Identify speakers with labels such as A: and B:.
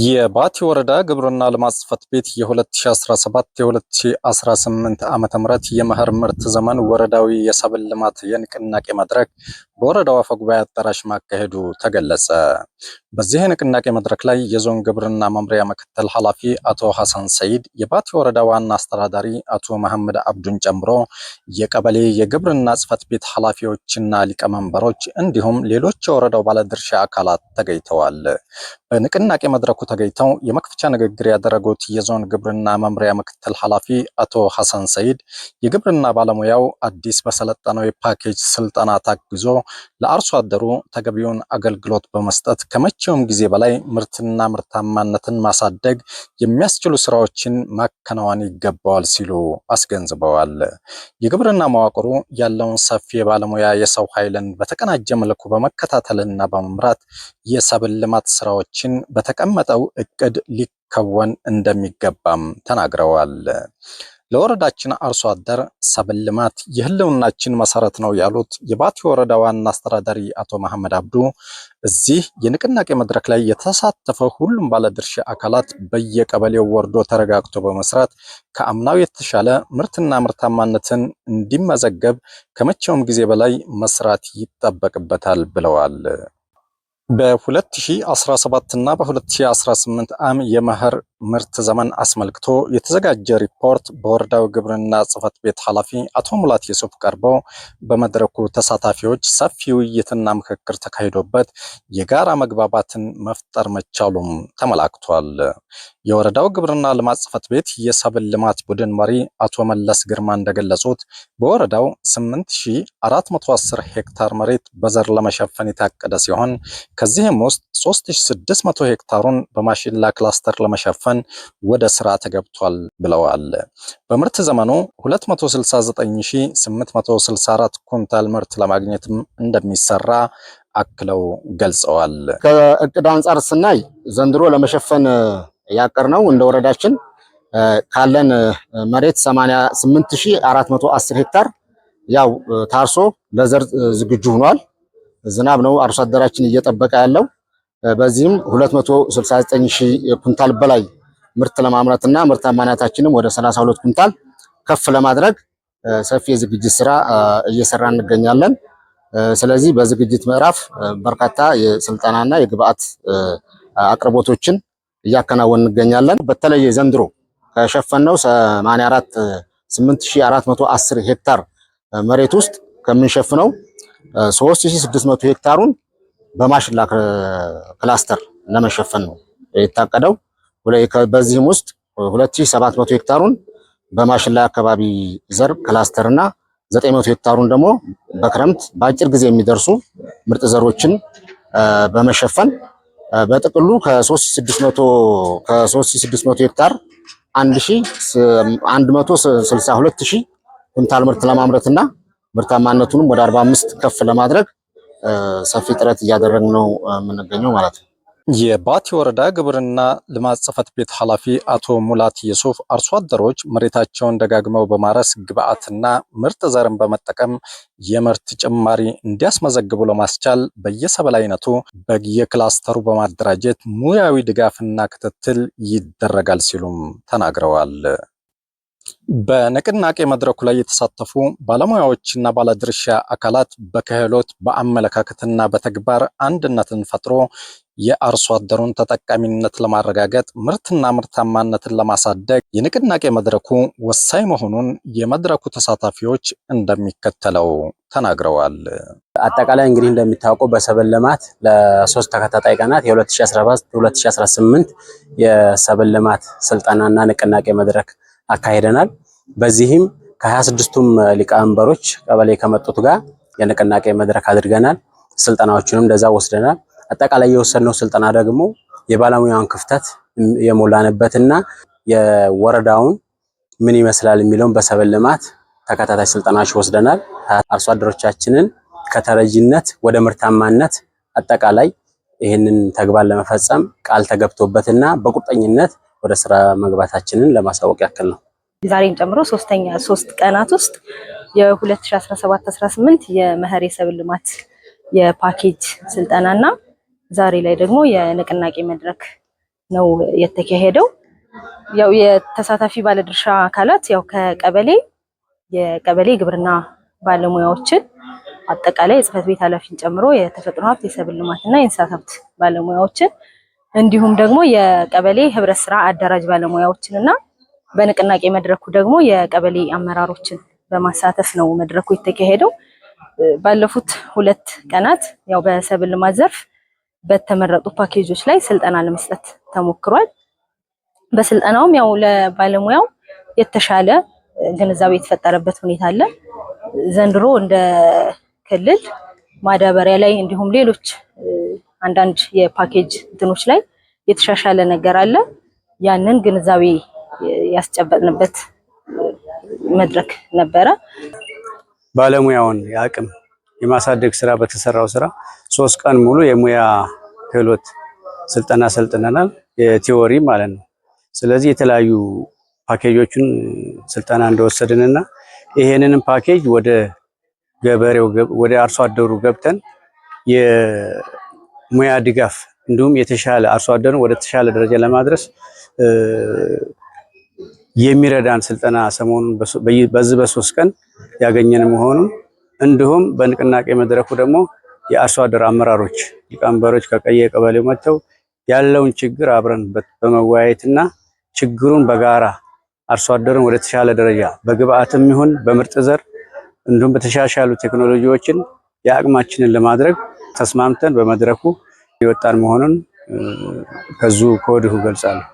A: የባቲ ወረዳ ግብርና ልማት ጽሕፈት ቤት የ2017 የ2018 ዓ ም የመኸር ምርት ዘመን ወረዳዊ የሰብል ልማት የንቅናቄ መድረክ በወረዳው አፈጉባኤ አዳራሽ ማካሄዱ ተገለጸ። በዚህ የንቅናቄ መድረክ ላይ የዞን ግብርና መምሪያ ምክትል ኃላፊ አቶ ሐሰን ሰይድ፣ የባቲ ወረዳ ዋና አስተዳዳሪ አቶ መሐመድ አብዱን ጨምሮ የቀበሌ የግብርና ጽሕፈት ቤት ኃላፊዎችና ሊቀመንበሮች እንዲሁም ሌሎች የወረዳው ባለድርሻ አካላት ተገኝተዋል። በንቅናቄ መድረኩ ተገኝተው የመክፈቻ ንግግር ያደረጉት የዞን ግብርና መምሪያ ምክትል ኃላፊ አቶ ሐሰን ሰይድ የግብርና ባለሙያው አዲስ በሰለጠነው የፓኬጅ ስልጠና ታግዞ ለአርሶ አደሩ ተገቢውን አገልግሎት በመስጠት ከመቼውም ጊዜ በላይ ምርትና ምርታማነትን ማሳደግ የሚያስችሉ ስራዎችን ማከናወን ይገባዋል ሲሉ አስገንዝበዋል። የግብርና መዋቅሩ ያለውን ሰፊ የባለሙያ የሰው ኃይልን በተቀናጀ መልኩ በመከታተልና በመምራት የሰብል ልማት ስራዎችን በተቀመጠ የተሰጠው እቅድ ሊከወን እንደሚገባም ተናግረዋል። ለወረዳችን አርሶ አደር ሰብል ልማት የህልውናችን መሰረት ነው ያሉት የባቲ ወረዳ ዋና አስተዳዳሪ አቶ መሐመድ አብዱ እዚህ የንቅናቄ መድረክ ላይ የተሳተፈ ሁሉም ባለድርሻ አካላት በየቀበሌው ወርዶ ተረጋግቶ በመስራት ከአምናው የተሻለ ምርትና ምርታማነትን እንዲመዘገብ ከመቼውም ጊዜ በላይ መስራት ይጠበቅበታል ብለዋል። በ2017 እና በ2018 ዓ.ም የመኸር ምርት ዘመን አስመልክቶ የተዘጋጀ ሪፖርት በወረዳው ግብርና ጽህፈት ቤት ኃላፊ አቶ ሙላት የሱፍ ቀርቦ በመድረኩ ተሳታፊዎች ሰፊ ውይይትና ምክክር ተካሂዶበት የጋራ መግባባትን መፍጠር መቻሉም ተመላክቷል። የወረዳው ግብርና ልማት ጽሕፈት ቤት የሰብል ልማት ቡድን መሪ አቶ መለስ ግርማ እንደገለጹት በወረዳው 8410 ሄክታር መሬት በዘር ለመሸፈን የታቀደ ሲሆን ከዚህም ውስጥ 3600 ሄክታሩን በማሽላ ክላስተር ለመሸፈን በማፋን ወደ ስራ ተገብቷል ብለዋል። በምርት ዘመኑ 269864 ኩንታል ምርት ለማግኘትም እንደሚሰራ አክለው ገልጸዋል።
B: ከእቅድ አንጻር ስናይ ዘንድሮ ለመሸፈን ያቀርነው እንደ ወረዳችን ካለን መሬት 88410 ሄክታር ያው ታርሶ ለዘር ዝግጁ ሆኗል። ዝናብ ነው አርሶ አደራችን እየጠበቀ ያለው። በዚህም 269 ኩንታል በላይ ምርት ለማምረትና ምርታማነታችንም ወደ 32 ኩንታል ከፍ ለማድረግ ሰፊ የዝግጅት ስራ እየሰራ እንገኛለን። ስለዚህ በዝግጅት ምዕራፍ በርካታ የስልጠናና የግብአት አቅርቦቶችን እያከናወን እንገኛለን። በተለይ ዘንድሮ ከሸፈነው 84 8410 ሄክታር መሬት ውስጥ ከምንሸፍነው 3600 ሄክታሩን በማሽላ ክላስተር ለመሸፈን ነው የታቀደው። በዚህም ውስጥ 2700 ሄክታሩን በማሽላ አካባቢ ዘር ክላስተር እና 900 ሄክታሩን ደግሞ በክረምት በአጭር ጊዜ የሚደርሱ ምርጥ ዘሮችን በመሸፈን በጥቅሉ ከ3600 ሄክታር 1162000 ኩንታል ምርት ለማምረትና ምርታማነቱንም ወደ 45 ከፍ ለማድረግ ሰፊ ጥረት እያደረግን ነው የምንገኘው ማለት ነው።
A: የባቲ ወረዳ ግብርና ልማት ጽህፈት ቤት ኃላፊ አቶ ሙላት የሱፍ አርሶ አደሮች መሬታቸውን ደጋግመው በማረስ ግብዓትና ምርጥ ዘርን በመጠቀም የምርት ጭማሪ እንዲያስመዘግቡ ለማስቻል በየሰብል አይነቱ በየክላስተሩ በማደራጀት ሙያዊ ድጋፍና ክትትል ይደረጋል ሲሉም ተናግረዋል። በንቅናቄ መድረኩ ላይ የተሳተፉ ባለሙያዎችና ባለድርሻ አካላት በክህሎት በአመለካከትና በተግባር አንድነትን ፈጥሮ የአርሶ አደሩን ተጠቃሚነት ለማረጋገጥ ምርትና ምርታማነትን ለማሳደግ የንቅናቄ መድረኩ ወሳኝ መሆኑን የመድረኩ ተሳታፊዎች እንደሚከተለው ተናግረዋል።
B: አጠቃላይ እንግዲህ እንደሚታወቀው በሰብል ልማት ለሶስት ተከታታይ ቀናት የ2017 2018 የሰብል ልማት ስልጠናና ንቅናቄ መድረክ አካሂደናል። በዚህም ከ26ቱም ሊቀመንበሮች ቀበሌ ከመጡት ጋር የንቅናቄ መድረክ አድርገናል። ስልጠናዎቹንም እንደዛ ወስደናል። አጠቃላይ የወሰድነው ስልጠና ደግሞ የባለሙያውን ክፍተት የሞላንበትና የወረዳውን ምን ይመስላል የሚለውን በሰብል ልማት ተከታታይ ስልጠናዎች ወስደናል። አርሶ አደሮቻችንን ከተረጂነት ወደ ምርታማነት አጠቃላይ ይህንን ተግባር ለመፈጸም ቃል ተገብቶበትና በቁርጠኝነት ወደ ስራ መግባታችንን ለማሳወቅ ያክል ነው።
C: ዛሬን ጨምሮ ሶስተኛ ሶስት ቀናት ውስጥ የ2017-18 የመኸር የሰብል ልማት የፓኬጅ ስልጠናና ዛሬ ላይ ደግሞ የንቅናቄ መድረክ ነው የተካሄደው። ያው የተሳታፊ ባለድርሻ አካላት ያው ከቀበሌ የቀበሌ ግብርና ባለሙያዎችን አጠቃላይ የጽህፈት ቤት ኃላፊን ጨምሮ የተፈጥሮ ሀብት የሰብል ልማትና የእንስሳት ሀብት ባለሙያዎችን እንዲሁም ደግሞ የቀበሌ ህብረት ስራ አደራጅ ባለሙያዎችን እና በንቅናቄ መድረኩ ደግሞ የቀበሌ አመራሮችን በማሳተፍ ነው መድረኩ የተካሄደው። ባለፉት ሁለት ቀናት ያው በሰብል ልማት ዘርፍ በተመረጡ ፓኬጆች ላይ ስልጠና ለመስጠት ተሞክሯል። በስልጠናውም ያው ለባለሙያው የተሻለ ግንዛቤ የተፈጠረበት ሁኔታ አለ። ዘንድሮ እንደ ክልል ማዳበሪያ ላይ እንዲሁም ሌሎች አንዳንድ የፓኬጅ እንትኖች ላይ የተሻሻለ ነገር አለ። ያንን ግንዛቤ ያስጨበጥንበት መድረክ ነበረ።
B: ባለሙያውን የአቅም የማሳደግ ስራ በተሰራው ስራ ሶስት ቀን ሙሉ የሙያ ክህሎት ስልጠና ሰልጥነናል። የቲዎሪ ማለት ነው። ስለዚህ የተለያዩ ፓኬጆችን ስልጠና እንደወሰድንና ይሄንንም ፓኬጅ ወደ ገበሬው ወደ አርሶ አደሩ ገብተን ሙያ ድጋፍ እንዲሁም የተሻለ አርሶ አደሩን ወደ ተሻለ ደረጃ ለማድረስ የሚረዳን ስልጠና ሰሞኑን በዚህ በሶስት ቀን ያገኘን መሆኑን እንዲሁም በንቅናቄ መድረኩ ደግሞ የአርሶ አደር አመራሮች ሊቀመንበሮች ከቀየ ቀበሌው መጥተው ያለውን ችግር አብረን በመወያየትና ችግሩን በጋራ አርሶ አደሩን ወደ ተሻለ ደረጃ በግብአትም ይሁን በምርጥ ዘር እንዲሁም በተሻሻሉ ቴክኖሎጂዎችን የአቅማችንን ለማድረግ ተስማምተን በመድረኩ የወጣን መሆኑን ከዙ ከወዲሁ ገልጻለሁ።